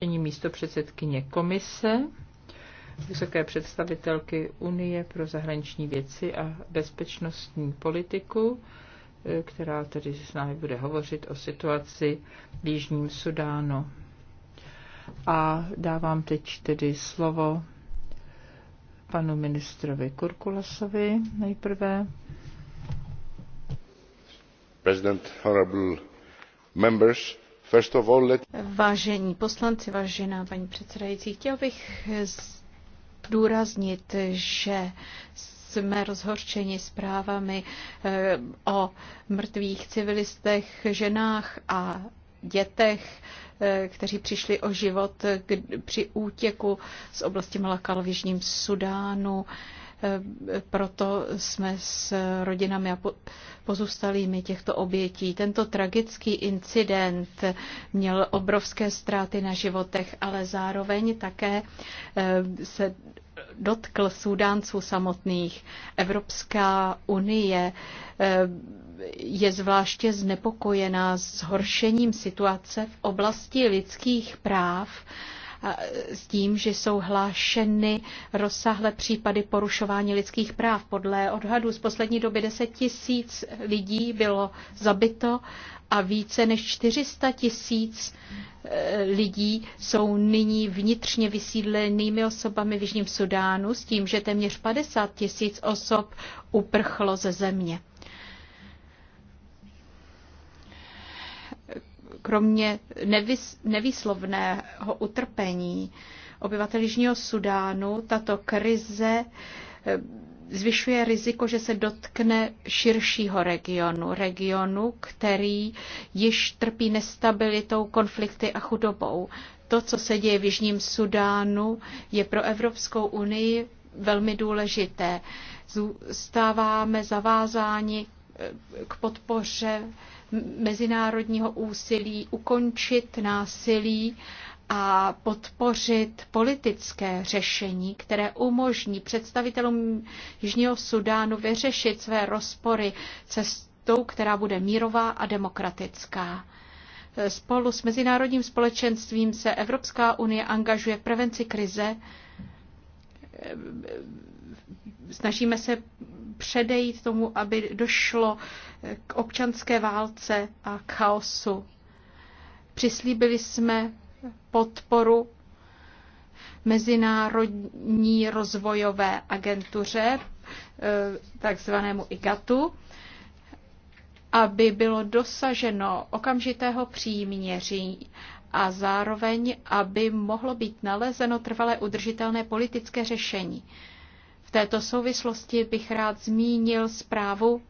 Paní místo předsedkyně komise, vysoké představitelky Unie pro zahraniční věci a bezpečnostní politiku, e, která tedy s námi bude hovořit o situaci v Jižním Sudánu. A dávám teď tedy slovo panu ministrovi Kurkulasovi nejprve. President, honorable members, Vážení poslanci, vážená paní předsedající, chtěl bych zdůraznit, že jsme rozhorčeni zprávami eh, o mrtvých civilistech, ženách a dětech, eh, kteří přišli o život při útěku z oblasti Malakal v Jižním Sudánu. Eh, proto jsme s rodinami a pozůstalými těchto obětí. Tento tragický incident měl obrovské ztráty na životech, ale zároveň také eh, se dotkl Súdánců samotných. Evropská unie eh, je zvláště znepokojená zhoršením situace v oblasti lidských práv s tím, že jsou hlášeny rozsáhlé případy porušování lidských práv. Podle odhadů z poslední doby 10 tisíc lidí bylo zabito a více než 400 tisíc eh, lidí jsou nyní vnitřně vysídlenými osobami v Jižním Sudánu s tím, že téměř 50 tisíc osob uprchlo ze země. kromě nevys, nevýslovného utrpení obyvatel Jižního Sudánu tato krize eh, zvyšuje riziko, že se dotkne širšího regionu. Regionu, který již trpí nestabilitou, konflikty a chudobou. To, co se děje v Jižním Sudánu, je pro Evropskou unii velmi důležité. Zůstáváme zavázáni eh, k podpoře mezinárodního úsilí ukončit násilí a podpořit politické řešení, které umožní představitelům Jižního Sudánu vyřešit své rozpory cestou, která bude mírová a demokratická. Spolu s mezinárodním společenstvím se Evropská unie angažuje v prevenci krize. Snažíme se předejít tomu, aby došlo k občanské válce a chaosu. Přislíbili jsme podporu Mezinárodní rozvojové agentuře, eh, takzvanému IGATu, aby bylo dosaženo okamžitého příměří a zároveň, aby mohlo být nalezeno trvalé udržitelné politické řešení. V této souvislosti bych rád zmínil zprávu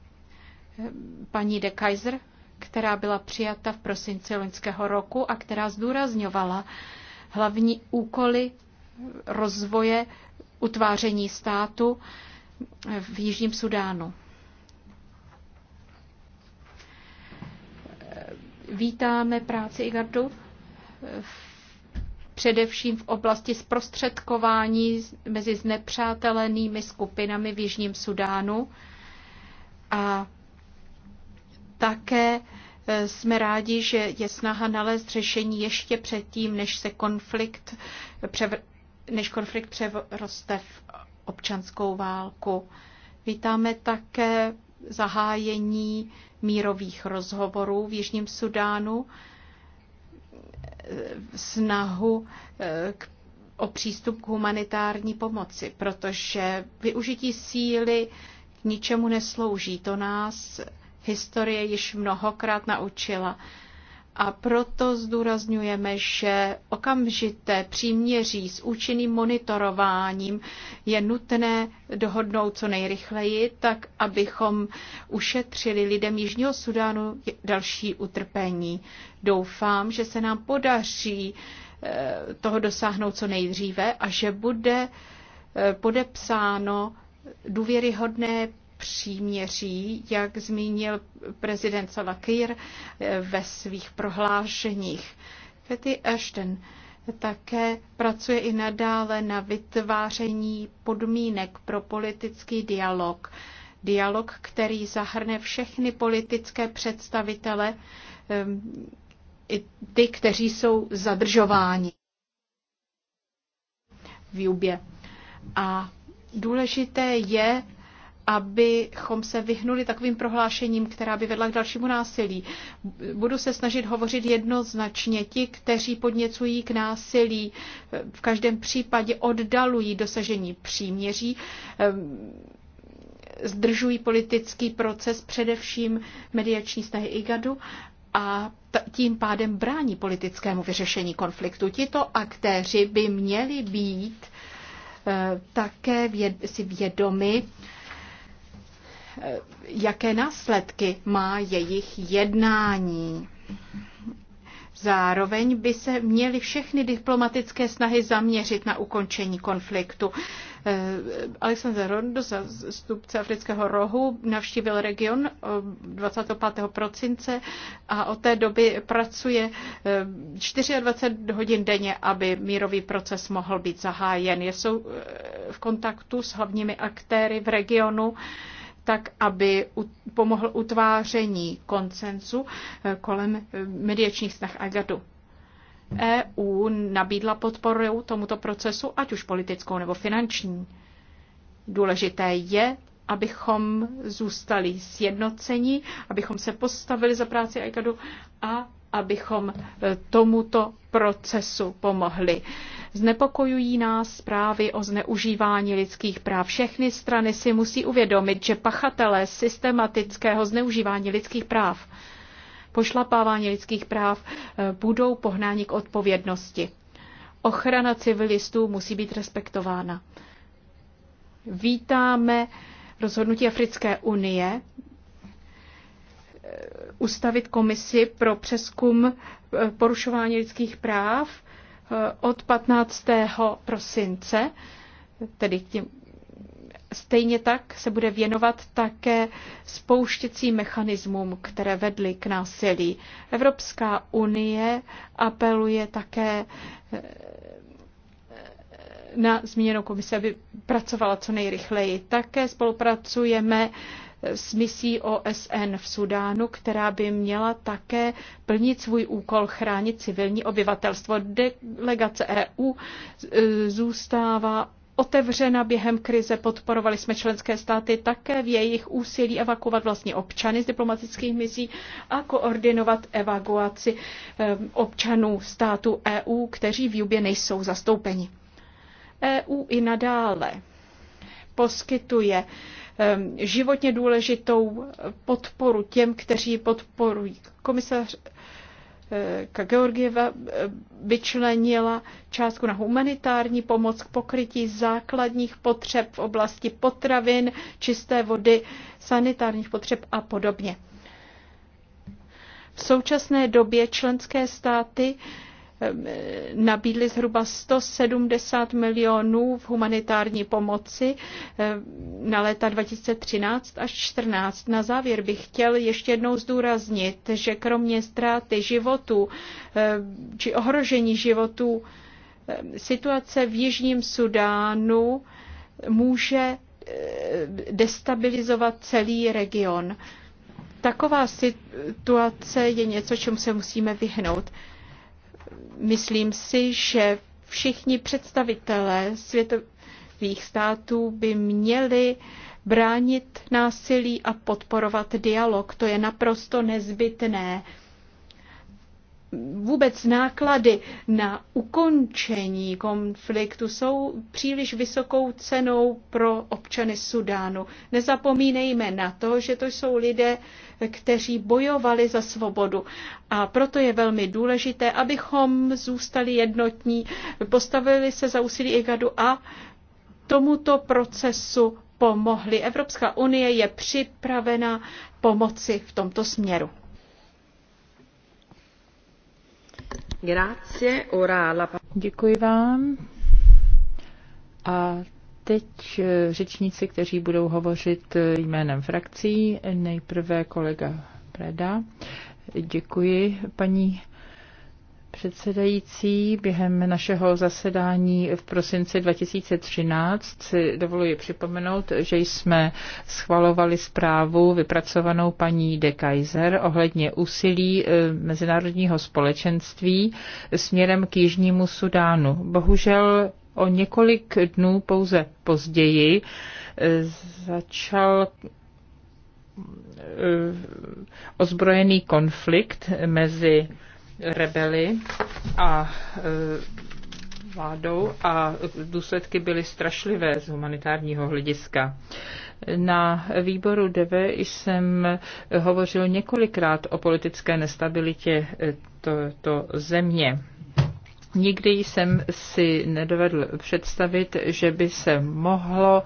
eh, paní de Kaiser, která byla přijata v prosinci loňského roku a která zdůrazňovala hlavní úkoly rozvoje utváření státu eh, v Jižním Sudánu. Eh, vítáme práci Igardu v především v oblasti zprostředkování mezi znepřátelenými skupinami v Jižním Sudánu. A také e, jsme rádi, že je snaha nalézt řešení ještě předtím, než se konflikt, převr- než konflikt převroste v občanskou válku. Vítáme také zahájení mírových rozhovorů v Jižním Sudánu snahu eh, k o přístup k humanitární pomoci, protože využití síly k ničemu neslouží. To nás historie již mnohokrát naučila. A proto zdůrazňujeme, že okamžité příměří s účinným monitorováním je nutné dohodnout co nejrychleji, tak abychom ušetřili lidem Jižního Sudánu další utrpení. Doufám, že se nám podaří eh, toho dosáhnout co nejdříve a že bude eh, podepsáno důvěryhodné příměří, jak zmínil prezident Salakir eh, ve svých prohlášeních. Fetty Ashton také pracuje i nadále na vytváření podmínek pro politický dialog. Dialog, který zahrne všechny politické představitele, ehm, i ty, kteří jsou zadržováni v Jubě. A důležité je abychom se vyhnuli takovým prohlášením, která by vedla k dalšímu násilí. Budu se snažit hovořit jednoznačně. Ti, kteří podněcují k násilí, v každém případě oddalují dosažení příměří ehm, zdržují politický proces, především mediační snahy IGADu a tím pádem brání politickému vyřešení konfliktu. Tito aktéři by měli být eh, také věd- si vědomi Eh, jaké následky má jejich jednání. Zároveň by se měly všechny diplomatické snahy zaměřit na ukončení konfliktu. Eh, Alexander Rondo, zastupce Afrického rohu, navštívil region 25. Eh, prosince a od té doby pracuje 24 hodin denně, aby mírový proces mohl být zahájen. Jsou v kontaktu s hlavními aktéry v regionu tak aby pomohl utváření koncensu eh, kolem eh, mediačních snah Agadu. EU nabídla podporu tomuto procesu, ať už politickou nebo finanční. Důležité je, abychom zůstali sjednoceni, abychom se postavili za práci Agadu a abychom eh, tomuto procesu pomohli. Znepokojují nás zprávy o zneužívání lidských práv. Všechny strany si musí uvědomit, že pachatelé systematického zneužívání lidských práv, pošlapávání lidských práv eh, budou pohnáni k odpovědnosti. Ochrana civilistů musí být respektována. Vítáme rozhodnutí Africké unie eh, ustavit komisi pro přeskum eh, porušování lidských práv Eh, od 15. prosince, tedy tím Stejně tak se bude věnovat také spouštěcím mechanismům, které vedly k násilí. Evropská unie apeluje také eh, na zmíněnou komisi, aby pracovala co nejrychleji. Také spolupracujeme s misí OSN v Sudánu, která by měla také plnit svůj úkol chránit civilní obyvatelstvo. Delegace EU e, zůstává otevřena během krize, podporovali jsme členské státy také v jejich úsilí evakuovat vlastní občany z diplomatických misí a koordinovat evakuaci e, občanů států EU, kteří v Jubě nejsou zastoupeni. EU i nadále poskytuje Ehm, životně důležitou podporu těm, kteří podporují. Komisař eh, Georgieva eh, vyčlenila částku na humanitární pomoc k pokrytí základních potřeb v oblasti potravin, čisté vody, sanitárních potřeb a podobně. V současné době členské státy Ehm, nabídli zhruba 170 milionů v humanitární pomoci ehm, na léta 2013 až 2014. Na závěr bych chtěl ještě jednou zdůraznit, že kromě ztráty životu ehm, či ohrožení životu situace v Jižním Sudánu může destabilizovat celý region. Taková situace je něco, čemu se musíme vyhnout. Myslím si, že všichni představitelé světových států by měli bránit násilí a podporovat dialog. To je naprosto nezbytné vůbec náklady na ukončení konfliktu jsou příliš vysokou cenou pro občany Sudánu. Nezapomínejme na to, že to jsou lidé, kteří bojovali za svobodu. A proto je velmi důležité, abychom zůstali jednotní, postavili se za úsilí IGADu a tomuto procesu pomohli. Evropská unie je připravena pomoci v tomto směru. Děkuji vám. A teď eh, řečníci, kteří budou hovořit eh, jménem frakcí. Nejprve kolega Preda. Děkuji, paní předsedající, během našeho zasedání v prosinci 2013 si dovoluji připomenout, že jsme schvalovali zprávu vypracovanou paní de Kaiser ohledně úsilí eh, mezinárodního společenství směrem k Jižnímu Sudánu. Bohužel o několik dnů pouze později eh, začal eh, ozbrojený konflikt mezi rebeli a e, vládou a důsledky byly strašlivé z humanitárního hlediska. Na výboru DV jsem hovořil několikrát o politické nestabilitě e, to země. Nikdy jsem si nedovedl představit, že by se mohlo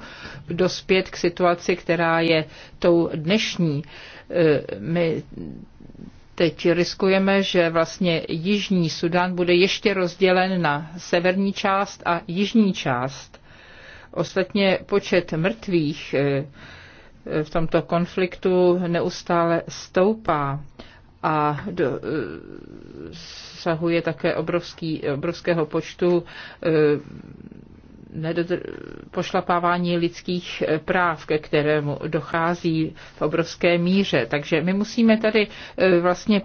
dospět k situaci, která je tou dnešní. E, my Teď riskujeme, že vlastně Jižní Sudan bude ještě rozdělen na severní část a jižní část. Ostatně počet mrtvých eh, v tomto konfliktu neustále stoupá a eh, sahuje také obrovský, obrovského počtu eh, nedodr- pošlapávání lidských eh, práv, ke kterému dochází v obrovské míře. Takže my musíme tady eh, vlastně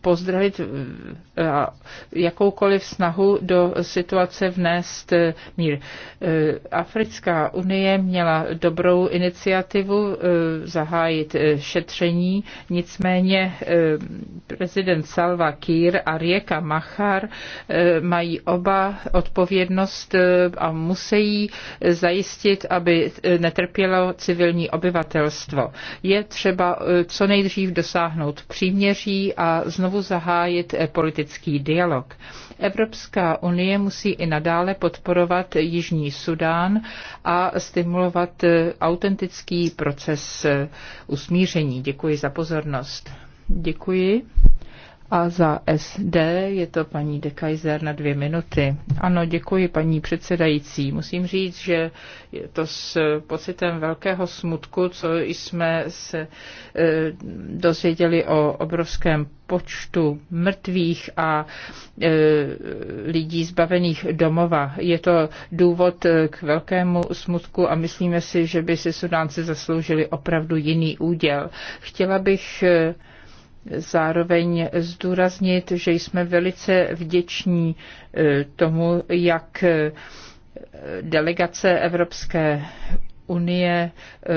pozdravit eh, jakoukoliv snahu do situace vnést eh, mír. Eh, Africká unie měla dobrou iniciativu zahájit šetření, nicméně prezident Salva Kiir a Rieka Machar mají oba odpovědnost a musí zajistit, aby netrpělo civilní obyvatelstvo. Je třeba co nejdřív dosáhnout příměří a znovu zahájit eh, politický dialog. Evropská unie musí i nadále podporovat Jižní Sudán a stimulovat eh, autentický proces eh, usmíření. Děkuji za pozornost. Děkuji. A za SD je to paní De Kaiser na dvě minuty. Ano, děkuji paní předsedající. Musím říct, že je to s pocitem velkého smutku, co jsme se e, dozvěděli o obrovském počtu mrtvých a e, lidí zbavených domova. Je to důvod k velkému smutku a myslíme si, že by si Sudánci zasloužili opravdu jiný úděl. Chtěla bych e, zároveň zdůraznit, že jsme velice vděční e, tomu, jak e, delegace Evropské unie e,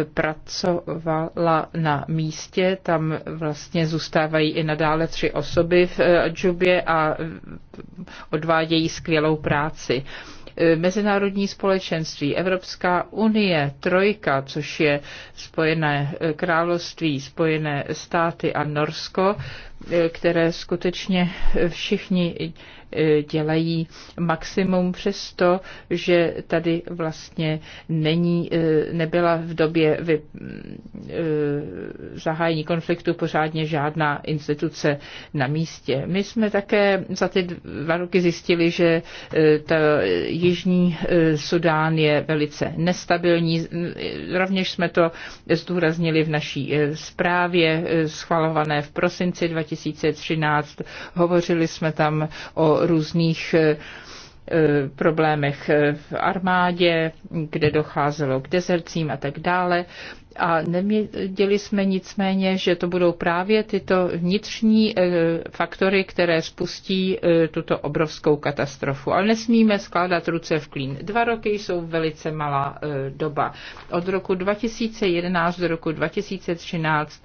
pracovala na místě. Tam vlastně zůstávají i nadále tři osoby v Džubě a odvádějí skvělou práci. Eh, mezinárodní společenství, Evropská unie, Trojka, což je Spojené eh, království, Spojené státy a Norsko, které skutečně všichni dělají maximum přesto, že tady vlastně není, nebyla v době vy, zahájení konfliktu pořádně žádná instituce na místě. My jsme také za ty dva roky zjistili, že e, ta Jižní e, Sudán je velice nestabilní. Rovněž jsme to zdůraznili v naší e, zprávě schvalované v prosinci 2000 2013. Hovořili jsme tam o různých eh, problémech v armádě, kde docházelo k dezercím a tak dále. A nevěděli jsme nicméně, že to budou právě tyto vnitřní eh, faktory, které spustí eh, tuto obrovskou katastrofu. Ale nesmíme skládat ruce v klín. Dva roky jsou velice malá eh, doba. Od roku 2011 do roku 2013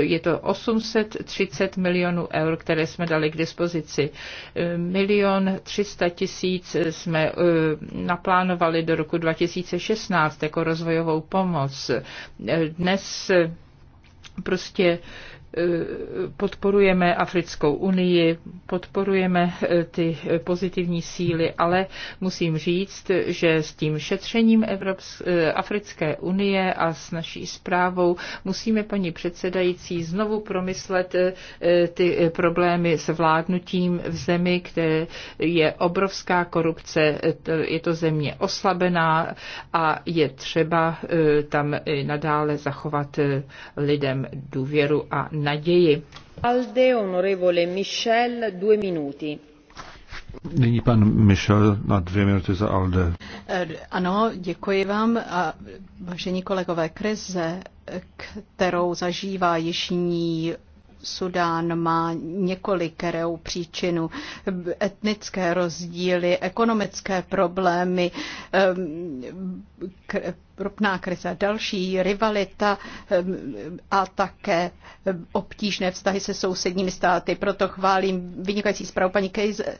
je to 830 milionů eur, které jsme dali k dispozici. Milion 300 tisíc jsme naplánovali do roku 2016 jako rozvojovou pomoc. Dnes prostě Eh, podporujeme Africkou unii, podporujeme eh, ty pozitivní síly, ale musím říct, že s tím šetřením Evrops- eh, Africké unie a s naší zprávou musíme, paní předsedající, znovu promyslet ty problémy s vládnutím v zemi, kde je obrovská korupce, je to země oslabená a je třeba tam nadále zachovat lidem důvěru a naději. Alde, honorevole Michel, dvě minuty. Nyní pan Michel na dvě minuty za Alde. Eh, ano, děkuji vám. A vážení kolegové, krize, kterou zažívá jižní Sudán má několikerou příčinu. Etnické rozdíly, ekonomické problémy, eh, ropná krize, další rivalita ehm, a také obtížné vztahy se sousedními státy. Proto chválím vynikající zprávu paní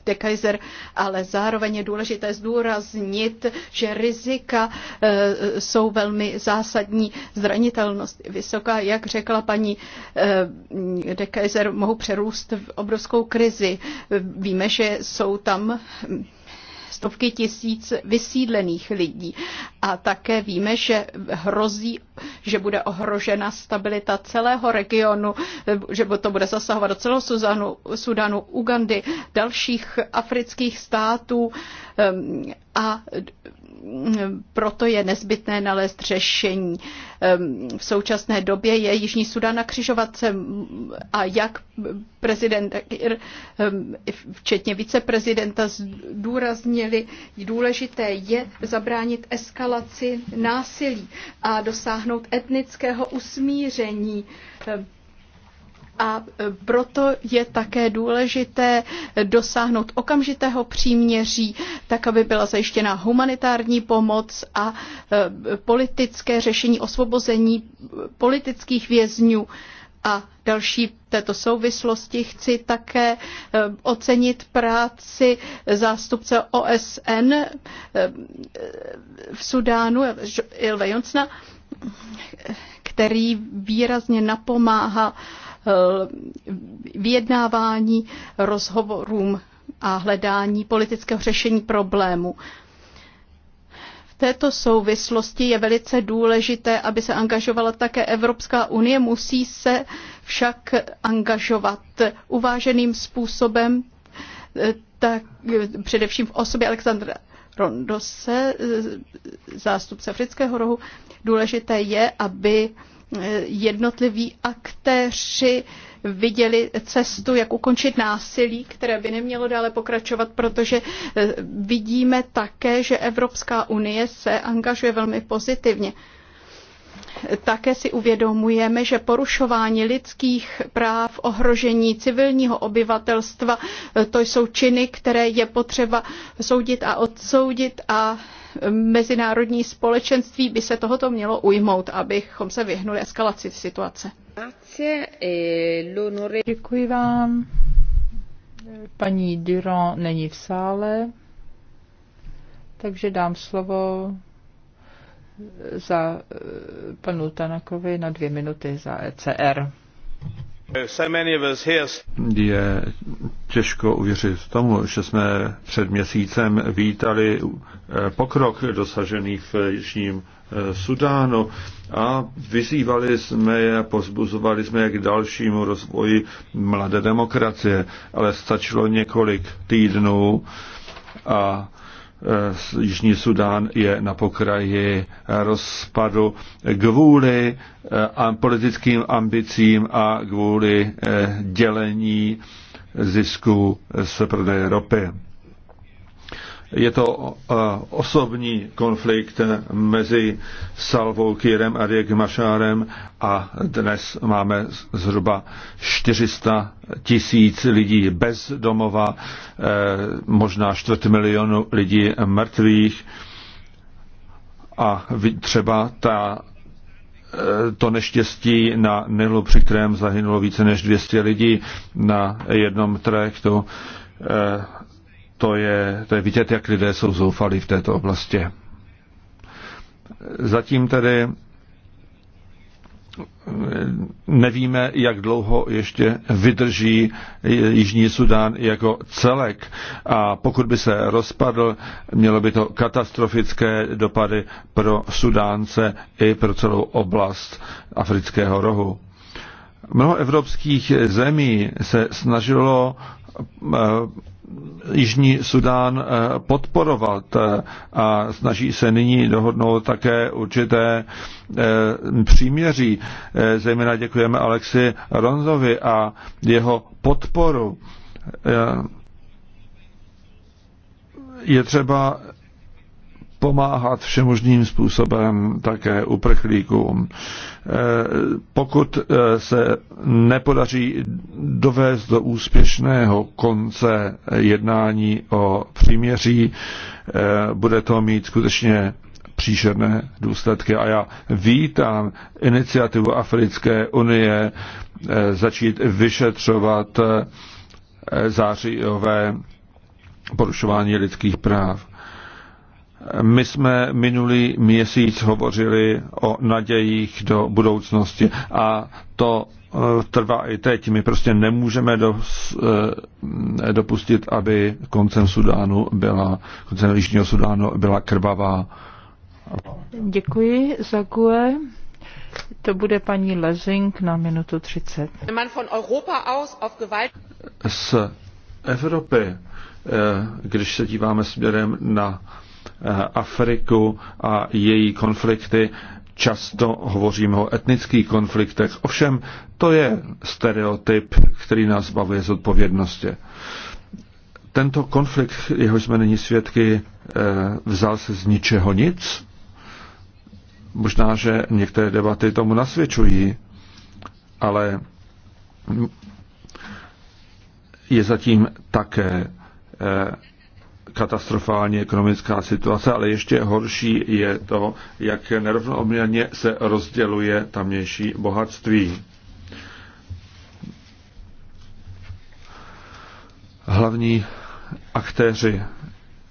de Kaiser, ale zároveň je důležité zdůraznit, že rizika eh, jsou velmi zásadní, zranitelnost vysoká, jak řekla paní ehm, de Kaiser, mohou přerůst v obrovskou krizi. Víme, že jsou tam ehm, stovky tisíc vysídlených lidí. A také víme, že hrozí, že bude ohrožena stabilita celého regionu, že to bude zasahovat do celého Sudanu, Sudanu Ugandy, dalších afrických států ehm, a proto je nezbytné nalézt řešení. Ehm, v současné době je Jižní Sudan na křižovatce a jak prezident, ehm, včetně viceprezidenta, zdůraznili, důležité je zabránit eskalaci násilí a dosáhnout etnického usmíření. Ehm, a proto je také důležité dosáhnout okamžitého příměří, tak aby byla zajištěna humanitární pomoc a e, politické řešení osvobození politických vězňů. A další této souvislosti chci také e, ocenit práci zástupce OSN e, v Sudánu, Ilve Jonsna, který výrazně napomáhá Eh, vyjednávání, rozhovorům a hledání politického řešení problému V této souvislosti je velice důležité, aby se angažovala také Evropská unie. Musí se však angažovat uváženým způsobem, eh, tak především v osobě Alexandra Rondose, eh, zástupce Afrického rohu. Důležité je, aby jednotliví aktéři viděli cestu, jak ukončit násilí, které by nemělo dále pokračovat, protože eh, vidíme také, že Evropská unie se angažuje velmi pozitivně. Také si uvědomujeme, že porušování lidských práv, ohrožení civilního obyvatelstva, eh, to jsou činy, které je potřeba soudit a odsoudit a mezinárodní společenství by se tohoto mělo ujmout, abychom se vyhnuli eskalaci situace. Děkuji vám. Paní Duron není v sále, takže dám slovo za eh, panu Tanakovi na dvě minuty za ECR. Je těžko uvěřit tomu, že jsme před měsícem vítali eh, pokrok dosažený v Jižním eh, Sudánu a vyzývali jsme je, pozbuzovali jsme je k dalšímu rozvoji mladé demokracie, ale stačilo několik týdnů a Eh, Jižní Sudán je na pokraji rozpadu kvůli eh, politickým ambicím a kvůli eh, dělení zisku z prodeje ropy. Je to eh, osobní konflikt mezi Salvou Kýrem a Riek Mašárem a dnes máme zhruba 400 tisíc lidí bez domova, eh, možná čtvrt milionu lidí mrtvých a třeba ta eh, to neštěstí na Nilu, při kterém zahynulo více než 200 lidí na jednom trajektu, to je, to je vidět, jak lidé jsou zoufalí v této oblasti. Zatím tedy eh, nevíme, jak dlouho ještě vydrží eh, Jižní Sudán jako celek. A pokud by se rozpadl, mělo by to katastrofické dopady pro Sudánce i pro celou oblast Afrického rohu. Mnoho evropských zemí se snažilo eh, Jižní Sudán eh, podporovat eh, a snaží se nyní dohodnout také určité eh, příměří. Zejména děkujeme Alexi Ronzovi a jeho podporu. Je třeba pomáhat všemožným způsobem také uprchlíkům. E, pokud e, se nepodaří dovést do úspěšného konce jednání o příměří, e, bude to mít skutečně příšerné důsledky. A já vítám iniciativu Africké unie začít vyšetřovat zářijové porušování lidských práv. My jsme minulý měsíc hovořili o nadějích do budoucnosti a to eh, trvá i teď. My prostě nemůžeme dos, eh, dopustit, aby koncem Sudánu byla, koncem Jižního Sudánu byla krvavá. Děkuji za GUE. To bude paní Lezing na minutu 30. Z Evropy, eh, když se díváme směrem na Eh, Afriku a její konflikty. Často hovoříme o etnických konfliktech. Ovšem, to je stereotyp, který nás zbavuje odpovědnosti. Tento konflikt, jeho jsme není svědky, eh, vzal se z ničeho nic. Možná, že některé debaty tomu nasvědčují, ale je zatím také eh, katastrofální ekonomická situace, ale ještě horší je to, jak nerovnoměrně se rozděluje tamnější bohatství. Hlavní aktéři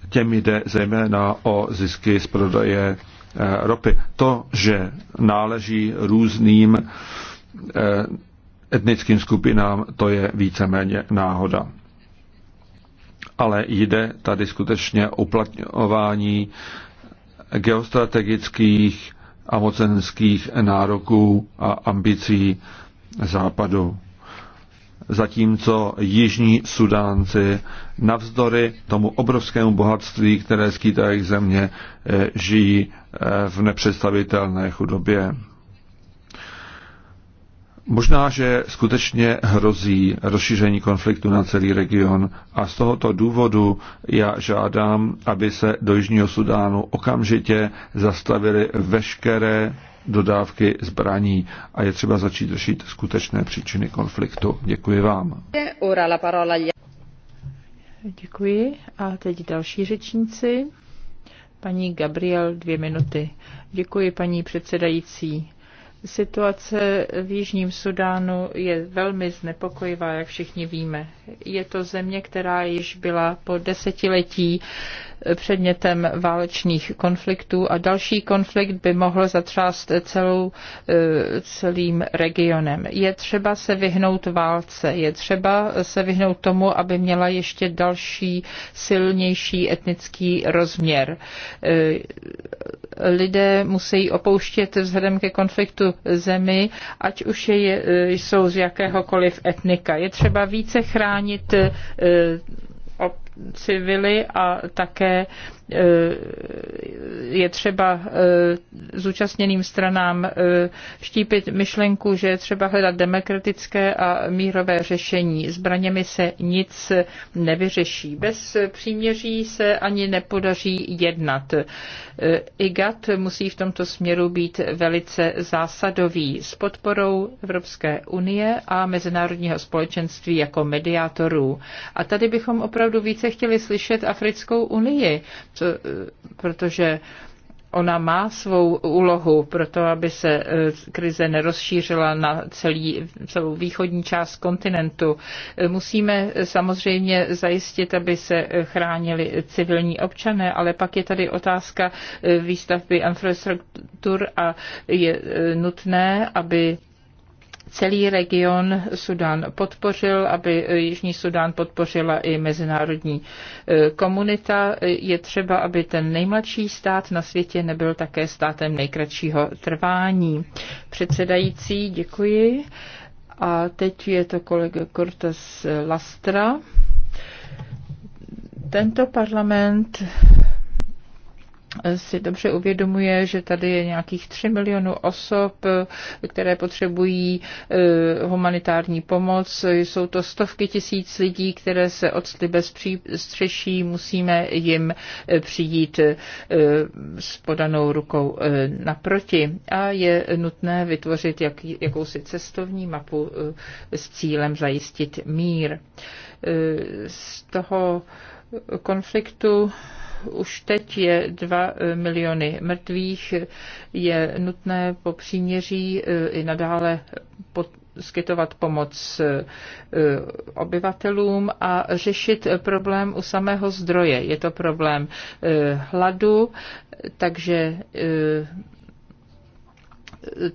těm jde zejména o zisky z prodeje eh, ropy. To, že náleží různým eh, etnickým skupinám, to je víceméně náhoda ale jde tady skutečně o uplatňování geostrategických a mocenských nároků a ambicí západu. Zatímco jižní Sudánci navzdory tomu obrovskému bohatství, které skýtají země, e, žijí e, v nepředstavitelné chudobě. Možná, že skutečně hrozí rozšíření konfliktu na celý region a z tohoto důvodu já žádám, aby se do Jižního Sudánu okamžitě zastavily veškeré dodávky zbraní a je třeba začít řešit skutečné příčiny konfliktu. Děkuji vám. Děkuji. A teď další řečníci. Paní Gabriel, dvě minuty. Děkuji, paní předsedající. Situace v Jižním Sudánu je velmi znepokojivá, jak všichni víme. Je to země, která již byla po desetiletí předmětem válečných konfliktů a další konflikt by mohl zatřást celou, eh, celým regionem. Je třeba se vyhnout válce, je třeba se vyhnout tomu, aby měla ještě další silnější etnický rozměr. Eh, lidé musí opouštět vzhledem ke konfliktu zemi, ať už je, e, jsou z jakéhokoliv etnika. Je třeba více chránit e, civily a také Eh, je třeba eh, zúčastněným stranám vštípit eh, myšlenku, že je třeba hledat demokratické a mírové řešení. Zbraněmi se nic nevyřeší. Bez příměří se ani nepodaří jednat. IGAT musí v tomto směru být velice zásadový s podporou Evropské unie a mezinárodního společenství jako mediátorů. A tady bychom opravdu více chtěli slyšet Africkou unii, protože ona má svou úlohu pro to, aby se eh, krize nerozšířila na celý, celou východní část kontinentu. Eh, musíme samozřejmě zajistit, aby se chránili civilní občané, ale pak je tady otázka eh, výstavby infrastruktur a je nutné, aby celý region Sudan podpořil, aby e, Jižní Sudan podpořila i mezinárodní e, komunita. Je třeba, aby ten nejmladší stát na světě nebyl také státem nejkratšího trvání. Předsedající, děkuji. A teď je to kolega Cortes Lastra. Tento parlament si dobře uvědomuje, že tady je nějakých 3 milionů osob, které potřebují eh, humanitární pomoc. Jsou to stovky tisíc lidí, které se odstly bez střeší. Musíme jim eh, přijít eh, s podanou rukou naproti. A je nutné vytvořit jak, jakousi cestovní mapu s cílem zajistit mír. Z toho konfliktu už teď je 2 eh, miliony mrtvých, je nutné po příměří eh, i nadále pod poskytovat pomoc eh, obyvatelům a řešit problém u samého zdroje. Je to problém hladu, takže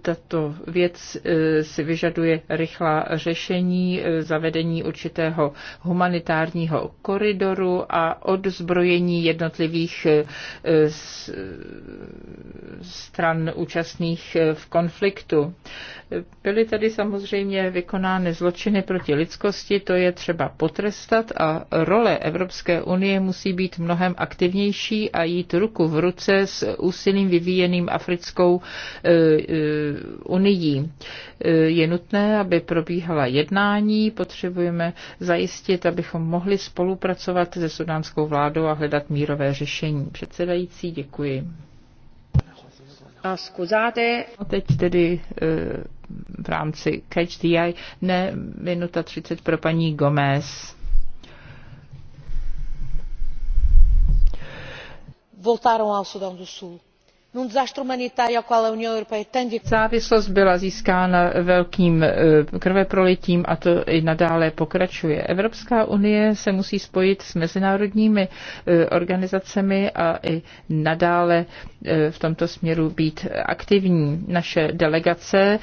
tato věc eh, si vyžaduje rychlá řešení, eh, zavedení určitého humanitárního koridoru a odzbrojení jednotlivých eh, stran účastných v konfliktu. Byly tady samozřejmě vykonány zločiny proti lidskosti, to je třeba potrestat a role Evropské unie musí být mnohem aktivnější a jít ruku v ruce s úsilím vyvíjeným africkou Eh, unii. Eh, je nutné, aby probíhala jednání, potřebujeme zajistit, abychom mohli spolupracovat se sudánskou vládou a hledat mírové řešení. Předsedající, děkuji. A skuzáte. Teď tedy eh, v rámci Catch the Eye, ne minuta 30 pro paní Gomez. Voltaram ao Sudão do Sul Závislost byla získána velkým eh, krveprolitím a to i nadále pokračuje. Evropská unie se musí spojit s mezinárodními eh, organizacemi a i nadále eh, v tomto směru být aktivní. Naše delegace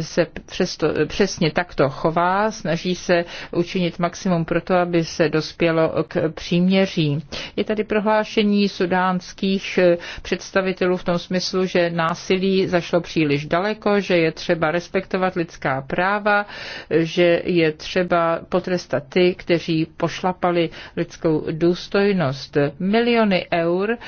se přesto, přesně takto chová, snaží se učinit maximum pro to, aby se dospělo k příměří. Je tady prohlášení sudánských představitelů v tom smyslu, že násilí zašlo příliš daleko, že je třeba respektovat lidská práva, že je třeba potrestat ty, kteří pošlapali lidskou důstojnost. Miliony eur eh,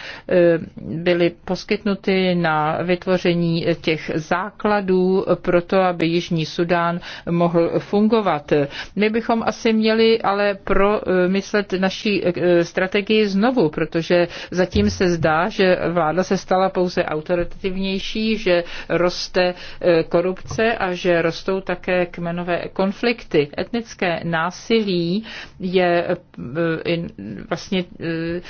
byly poskytnuty na vytvoření těch základů pro to, aby Jižní Sudán mohl fungovat. My bychom asi měli ale promyslet naší eh, strategii znovu, protože zatím se zdá, že vláda se stala pouze pouze autoritativnější, že roste e, korupce a že rostou také kmenové konflikty. Etnické násilí je e, vlastně e,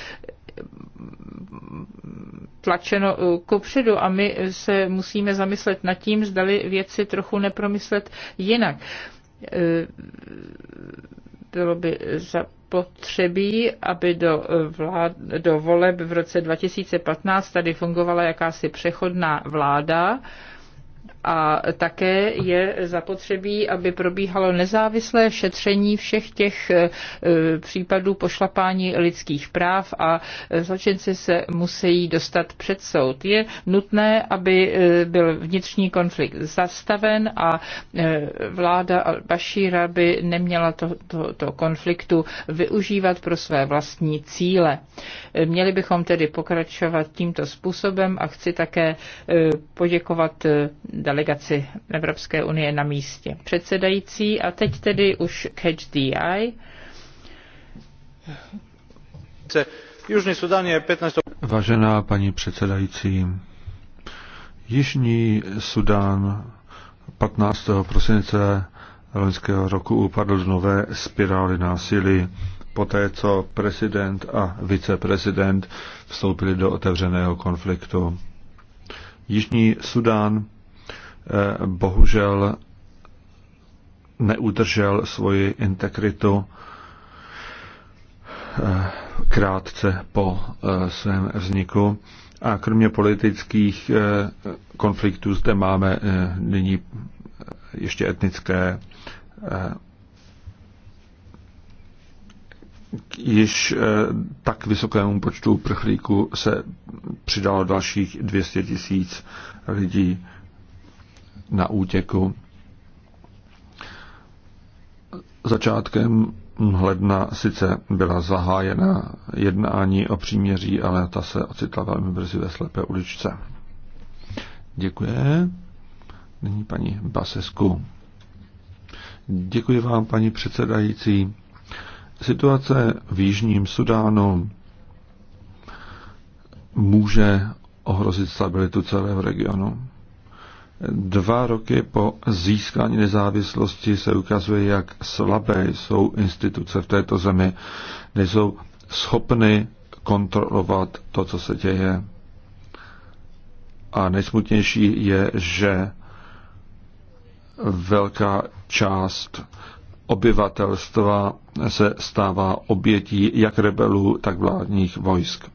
tlačeno ku předu a my se musíme zamyslet nad tím, zdali věci trochu nepromyslet jinak. Bylo by za zapotřebí, aby do, eh, vlád, do voleb v roce 2015 tady fungovala jakási přechodná vláda, a také je zapotřebí, aby probíhalo nezávislé šetření všech těch eh, eh, případů pošlapání lidských práv a eh, zločinci se musí dostat před soud. Je nutné, aby byl vnitřní konflikt zastaven a vláda Bašíra by neměla to, to, konfliktu využívat pro své vlastní cíle. Měli bychom tedy pokračovat tímto způsobem a chci také poděkovat delegaci Evropské unie na místě. Předsedající a teď tedy už Catch the Eye. Južní Sudan je 15. Vážená paní předsedající, Jižní Sudán 15. prosince loňského roku upadl do nové spirály násilí poté, co prezident a viceprezident vstoupili do otevřeného konfliktu. Jižní Sudán bohužel neudržel svoji integritu eh, krátce po eh, svém vzniku. A kromě politických eh, konfliktů zde máme nyní ještě etnické. Již tak vysokému počtu prchlíků se přidalo dalších 200 tisíc lidí na útěku. Začátkem ledna sice byla zahájena jednání o příměří, ale ta se ocitla velmi brzy ve slepé uličce. Děkuji. Nyní paní Basesku. Děkuji vám, paní předsedající. Situace v Jižním Sudánu může ohrozit stabilitu celého regionu. Dva roky po získání nezávislosti se ukazuje, jak slabé jsou instituce v této zemi. Nejsou schopny kontrolovat to, co se děje. A nejsmutnější je, že velká část obyvatelstva se stává obětí jak rebelů, tak vládních vojsk.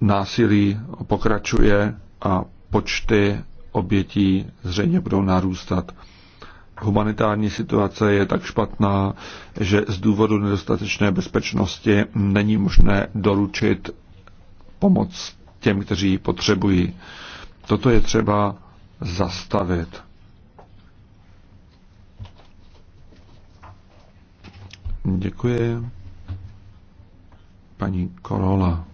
Násilí pokračuje a počty obětí zřejmě budou narůstat. Humanitární situace je tak špatná, že z důvodu nedostatečné bezpečnosti není možné doručit pomoc těm, kteří ji potřebují. Toto je třeba zastavit. Děkuji. Paní Korola.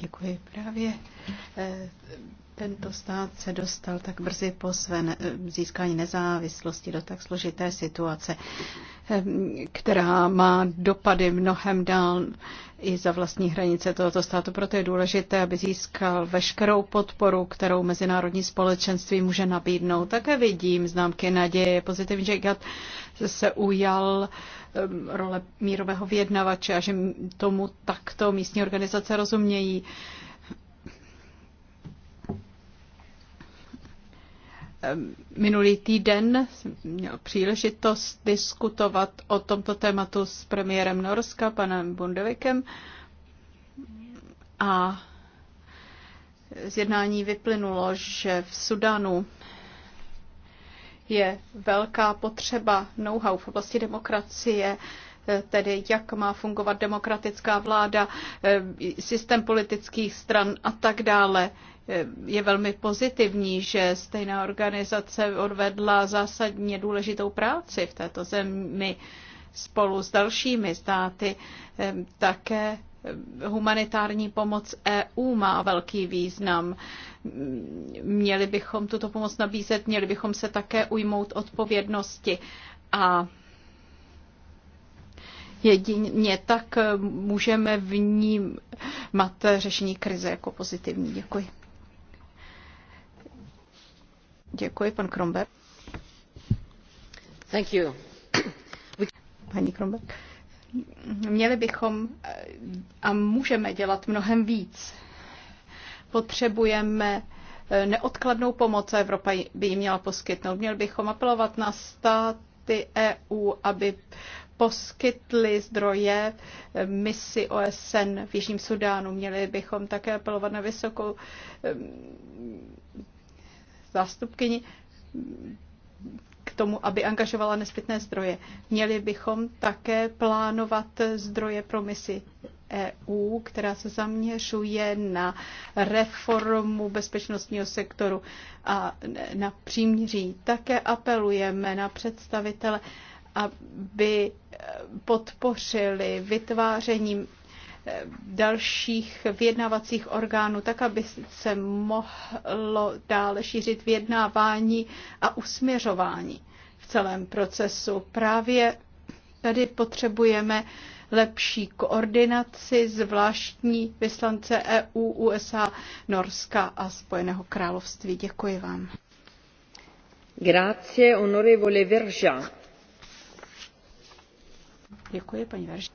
Děkuji právě. Eh, tento stát se dostal tak brzy po své ne- získání nezávislosti do tak složité situace, která má dopady mnohem dál i za vlastní hranice tohoto státu. Proto je důležité, aby získal veškerou podporu, kterou mezinárodní společenství může nabídnout. Také vidím známky naděje. pozitivní, že GATT se ujal role mírového vyjednavače a že tomu takto místní organizace rozumějí. Ehm, minulý týden jsem měl příležitost diskutovat o tomto tématu s premiérem Norska, panem Bundevikem. A z jednání vyplynulo, že v Sudanu je velká potřeba know-how v oblasti demokracie, eh, tedy jak má fungovat demokratická vláda, eh, systém politických stran a tak dále je velmi pozitivní, že stejná organizace odvedla zásadně důležitou práci v této zemi spolu s dalšími státy. Ehm, také ehm, humanitární pomoc EU má velký význam. Měli bychom tuto pomoc nabízet, měli bychom se také ujmout odpovědnosti a Jedině tak můžeme vnímat řešení krize jako pozitivní. Děkuji. Děkuji, pan Kromberg. Thank you. Paní Kromberg. Měli bychom eh, a můžeme dělat mnohem víc. Potřebujeme eh, neodkladnou pomoc, a Evropa by ji měla poskytnout. Měli bychom apelovat na státy EU, aby poskytli zdroje eh, misi OSN v Jižním Sudánu. Měli bychom také apelovat na vysokou zástupkyni k tomu, aby angažovala nespětné zdroje. Měli bychom také plánovat zdroje pro misi EU, která se zaměřuje na reformu bezpečnostního sektoru a na příměří. Také apelujeme na představitele, aby podpořili vytváření dalších vyjednávacích orgánů, tak aby se mohlo dále šířit vyjednávání a usměřování v celém procesu. Právě tady potřebujeme lepší koordinaci zvláštní vyslance EU, USA, Norska a Spojeného království. Děkuji vám. Grazie, onorevole Děkuji, paní Verža.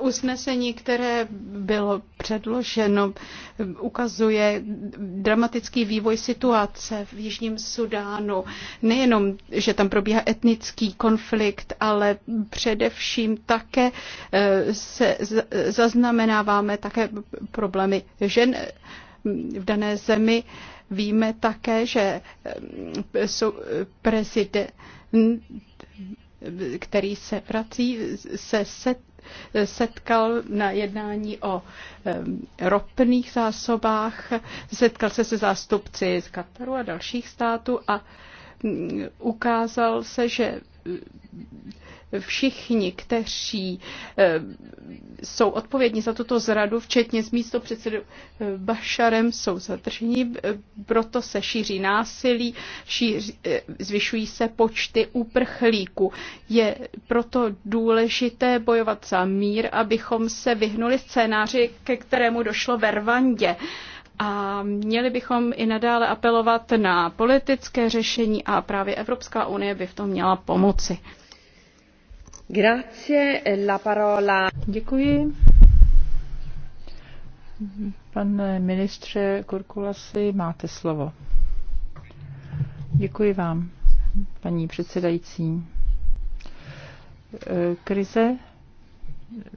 Usnesení, které bylo předloženo, ukazuje dramatický vývoj situace v Jižním súdánu Nejenom, že tam probíhá etnický konflikt, ale především také eh, se zaznamenáváme také problémy žen v dané zemi. Víme také, že eh, prezident který se vrací, se set, setkal na jednání o ropných zásobách, setkal se se zástupci z Kataru a dalších států a ukázal se, že všichni, kteří eh, jsou odpovědní za tuto zradu, včetně z místo předsedu eh, Bašarem, jsou zadrženi, eh, proto se šíří násilí, šíří, zvyšují se počty uprchlíků. Je proto důležité bojovat za mír, abychom se vyhnuli scénáři, ke kterému došlo ve Rwandě. A měli bychom i nadále apelovat na politické řešení a právě Evropská unie by v tom měla pomoci. Grazie, la parola. Děkuji. Pane ministře Kurkulasi, máte slovo. Děkuji vám, paní předsedající. Krize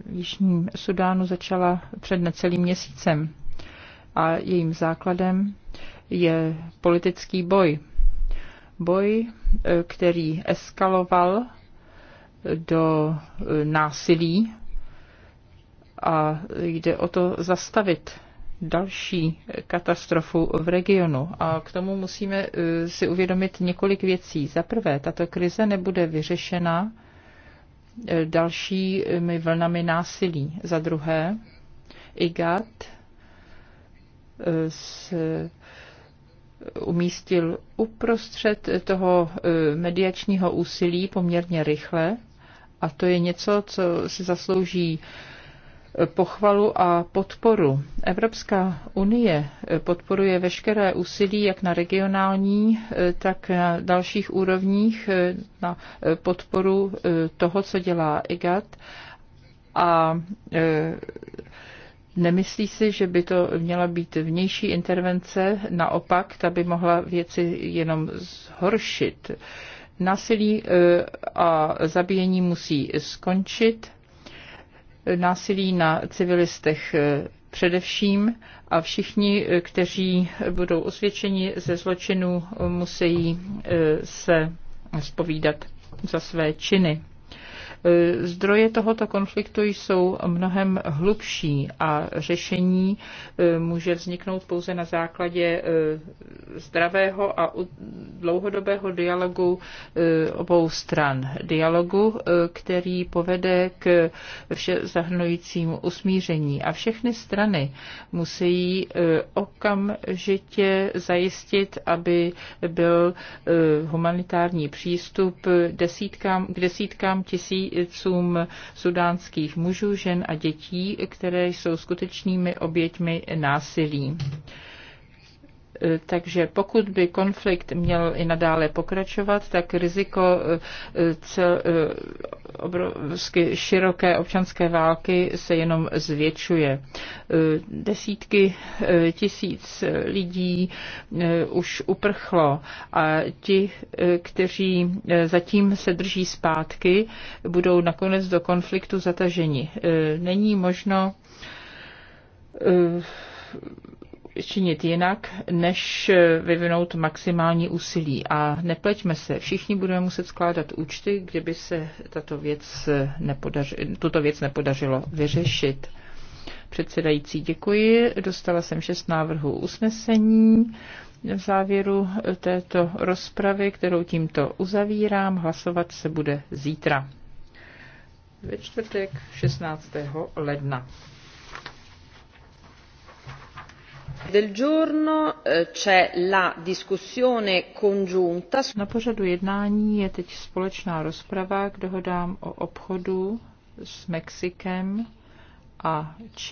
v Jižním Sudánu začala před necelým měsícem a jejím základem je politický boj. Boj, eh, který eskaloval do eh, násilí a jde o to zastavit další katastrofu v regionu. A k tomu musíme eh, si uvědomit několik věcí. Za prvé, tato krize nebude vyřešena dalšími vlnami násilí. Za druhé, IGAT s umístil uprostřed toho e, mediačního úsilí poměrně rychle a to je něco, co si zaslouží e, pochvalu a podporu. Evropská unie e, podporuje veškeré úsilí jak na regionální, tak na dalších úrovních na podporu toho, co dělá IGAT a Nemyslí si, že by to měla být vnější intervence, naopak, ta by mohla věci jenom zhoršit. Násilí eh, a zabíjení musí skončit, násilí na civilistech eh, především a všichni, eh, kteří budou osvědčeni ze zločinu, musí se spovídat za své činy. Eh, zdroje tohoto konfliktu jsou mnohem hlubší a řešení eh, může vzniknout pouze na základě eh, zdravého a dlouhodobého dialogu obou stran. Dialogu, který povede k vše zahrnujícímu usmíření. A všechny strany musí okamžitě zajistit, aby byl humanitární přístup desítkám, k desítkám tisíc tisícům sudánských mužů, žen a dětí, které jsou skutečnými oběťmi násilí. Takže pokud by konflikt měl i nadále pokračovat, tak riziko eh, cel, eh, obrovsky široké občanské války se jenom zvětšuje. Eh, desítky tisíc lidí už uprchlo a ti, kteří zatím se drží zpátky, budou nakonec do konfliktu zataženi. Není možno činit jinak, než vyvinout maximální úsilí. A nepleťme se, všichni budeme muset skládat účty, kdyby se tato věc nepodaři, tuto věc nepodařilo vyřešit. Předsedající, děkuji. Dostala jsem šest návrhů usnesení v závěru této rozpravy, kterou tímto uzavírám. Hlasovat se bude zítra. Ve čtvrtek 16. ledna. Eh, Na pořadu jednání je teď společná rozprava k dohodám o obchodu s Mexikem a Chile.